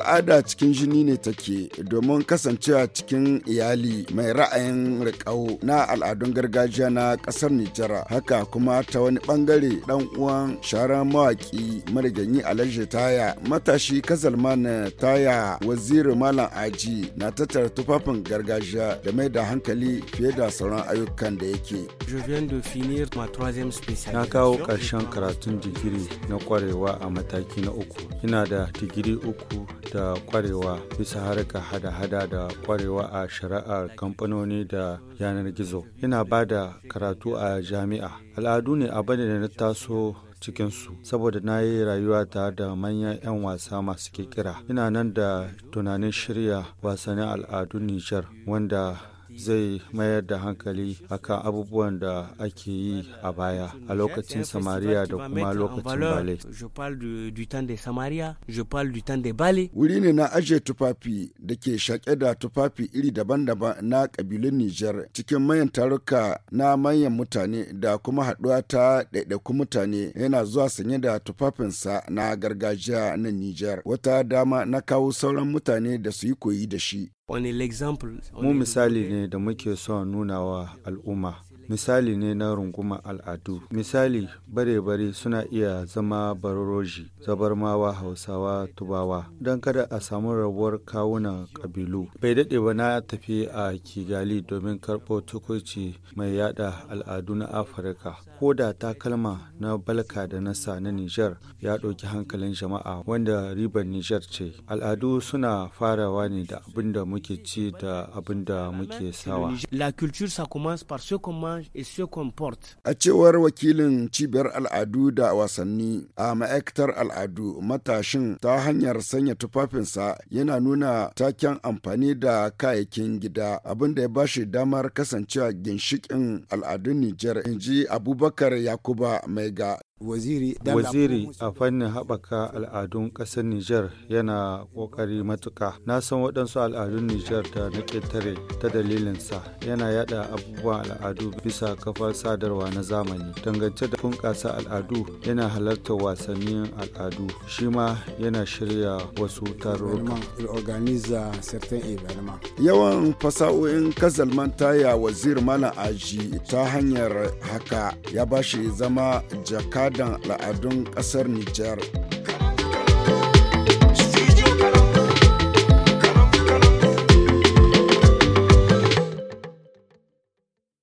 al'ada cikin jini ne take domin kasancewa cikin iyali mai ra'ayin riƙau na al'adun gargajiya na ƙasar Nijar. Haka kuma ta wani ɓangare dan uwan sharan mawaƙi mariganyi Alhaji Taya matashi Kazalman Taya waziri Malam Aji na tattara tufafin gargajiya da mai da hankali fiye da sauran ayyukan da yake. Na kawo ƙarshen karatun digiri na ƙwarewa a mataki na uku. Ina da digiri uku da kwarewa bisa harka hada-hada da kwarewa a shari'ar kamfanoni da yanar gizo ina ba da karatu a jami'a al'adu ne a abin da na taso cikinsu saboda na yi rayuwa tare da manyan 'yan wasa masu kikira ina nan da tunanin shirya wasannin al'adun nijar wanda zai mayar da hankali akan abubuwan da ake yi a baya a lokacin samariya da kuma lokacin bale. Wuri ne na ajiye tufafi da ke shaƙe da tufafi iri daban-daban na ƙabilun Nijar cikin mayan taruka na manyan mutane da kuma haɗuwa ta ɗaiɗaikun mutane yana zuwa sanye da tufafinsa na gargajiya na Nijar. Wata dama na kawo sauran mutane da su yi koyi da shi. Mu misali ne da muke son nuna wa al'umma misali ne na runguma al'adu. Misali, bare-bare suna iya zama baroroji, zabarmawa, hausawa, tubawa, don kada a samu rabuwar kawunan kabilu Bai daɗe ba na tafi a Kigali domin karɓo tukuci mai yada al'adu na Afirka. Ko da takalma na Balka da Nasa na Nijar ya ɗauki hankalin jama'a wanda ribar Nijar ce. Al'adu suna farawa ne da abin da muke ci da abin da muke sawa. La culture ça commence par ce A cewar wakilin cibiyar al'adu da wasanni a ma'aikatar al'adu matashin ta hanyar sanya tufafinsa yana nuna taken amfani da kayayyakin gida abinda ya bashi damar kasancewa ginshikin al'adun Nijar, in ji Abubakar Yakuba Maiga waziri, waziri a fannin haɓaka al'adun ƙasar Nijar yana ƙoƙari matuƙa. Na san waɗansu al'adun Nijar da na ƙetare ta dalilinsa yana yada abubuwan al'adu bisa kafar sadarwa na zamani. Dangance da bunƙasa al'adu yana halartar wasannin al'adu shi ma yana shirya wasu tarurruka. Yawan fasahohin kazalman taya wazir mana aji ta hanyar haka ya bashi zama jaka al'adun ƙasar Nijar.